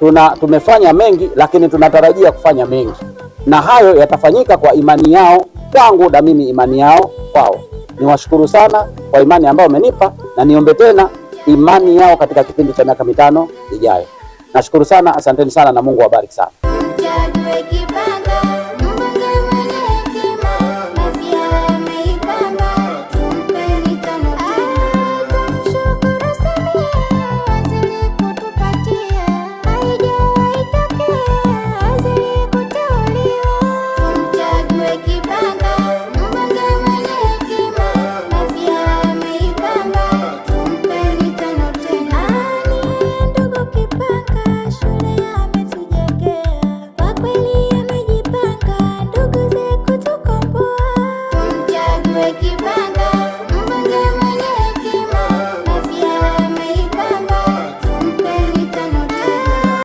tuna tumefanya mengi, lakini tunatarajia kufanya mengi, na hayo yatafanyika kwa imani yao kwangu na mimi imani yao kwao. Niwashukuru sana kwa imani ambayo wamenipa na niombe tena imani yao katika kipindi cha miaka mitano ijayo. Nashukuru sana, asanteni sana na Mungu awabariki sana. Take you back.